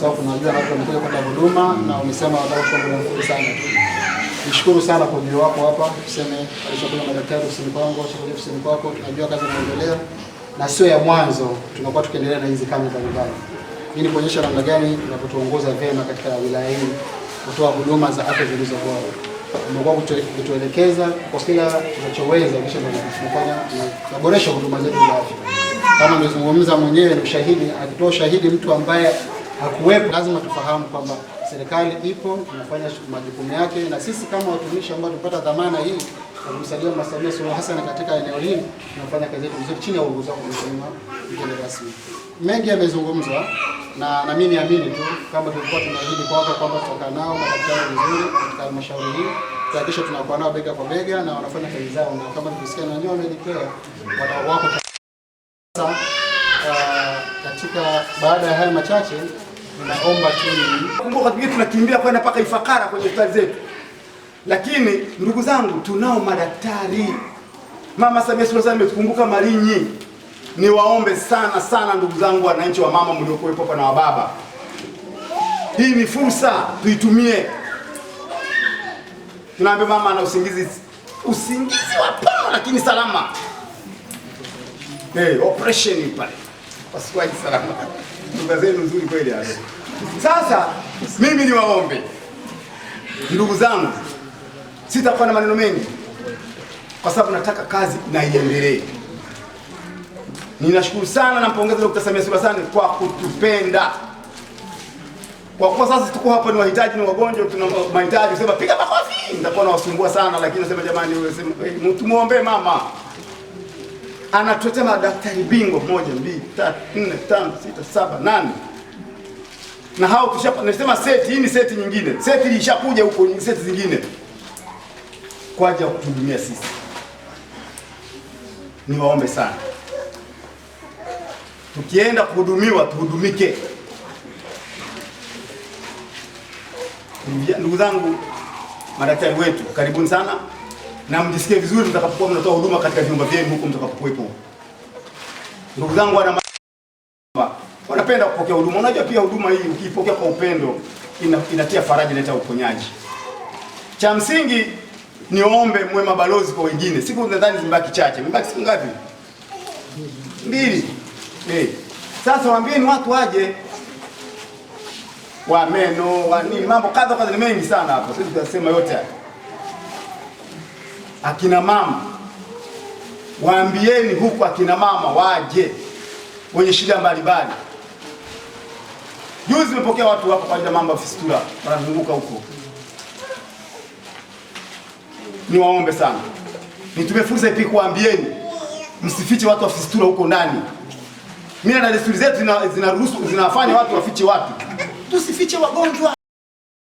sababu tunajua na watu wamekuja kupata huduma na umesema wanataka kushukuru mkuu sana. Nishukuru sana kwa ujio wako hapa, tuseme alishakuja madaktari usini kwangu, shakuja usini kwako, tunajua kazi inaendelea na sio ya mwanzo, tunakuwa tukiendelea na hizi kambi mbalimbali. Mimi ni kuonyesha namna gani tunapotuongoza vyema katika wilaya hii kutoa huduma za afya zilizo bora. Umekuwa kutuelekeza kwa kila tunachoweza, kisha tunafanya tunaboresha huduma zetu za afya. Kama nimezungumza mwenyewe ni ushahidi, akitoa ushahidi mtu ambaye hakuwepo. Lazima tufahamu kwamba serikali ipo inafanya majukumu yake, na sisi kama watumishi ambao tupata dhamana hii kumsaidia Mama Samia Suluhu Hassan katika eneo hili tunafanya kazi yetu vizuri chini ya uongozi wako Mheshimiwa mgeni rasmi. Mengi yamezungumzwa na na mimi niamini tu kama tulikuwa tunaahidi kwa watu kwamba tutakaa nao madaktari vizuri katika halmashauri hii kuhakikisha tunakuwa nao bega kwa bega na wanafanya kazi zao, na kama tulisikia na wenyewe wameelekea wadau wako sasa. Uh, katika baada ya haya machache Naomba tu kumbuka, tu tunakimbia kwenda mpaka Ifakara kwenye hospitali zetu, lakini ndugu zangu, tunao madaktari. Mama Samia Suluhu Hassan ametukumbuka Malinyi. Niwaombe sana sana ndugu zangu, wananchi wa mama mliokuwepo hapa na wababa, hii ni fursa, tuitumie. Tunaambia mama ana usingizi, usingizi wa pono lakini salama. Hey, eh, operation pale, salama lugha zenu nzuri kweli hapo. Sasa mimi ni waombe ndugu zangu, sitakuwa na maneno mengi kwa sababu nataka kazi na iendelee. Ninashukuru sana, na mpongeza Dr. Samia Suluhu Hassan kwa kutupenda, kwa kuwa sasa tuko hapa, ni wahitaji, ni wagonjwa, tuna mahitaji. Sema piga makofi, nitakuwa nawasumbua sana, lakini nasema jamani, muombe mama anatuletea madaktari bingwa moja, mbili, tatu, nne, tano, sita, saba, nane na hao kisha nasema seti hii ni seti nyingine, seti ilishakuja huko, ni seti zingine kwa ajili ya kutuhudumia sisi. Niwaombe sana, tukienda kuhudumiwa tuhudumike. Ndugu zangu madaktari wetu, karibuni sana na mjisikie vizuri mtakapokuwa mnatoa huduma katika vyumba vyenu huko mtakapokuwepo. Ndugu zangu wana wanapenda kupokea huduma. Unajua pia huduma hii ukiipokea kwa upendo ina, inatia faraja, inaleta uponyaji. Cha msingi niombe mwe mabalozi kwa wengine. Siku nadhani zimebaki chache, zimebaki siku ngapi? Mbili. Eh. Sasa waambieni watu waje wa meno, wa nini, mambo kadha kadha, ni mengi sana hapo, Sisi tunasema yote haya akina mama, waambieni huku akina mama waje wenye shida mbalimbali. Juzi nimepokea watu wako kwa ajili ya mambo ya fistula, wanazunguka huko. Niwaombe sana, nitumie fursa ipi kuambieni, msifiche watu wa fistula huko ndani. Mila na desturi zetu zinaruhusu zinafanya watu wafiche watu, tusifiche wagonjwa.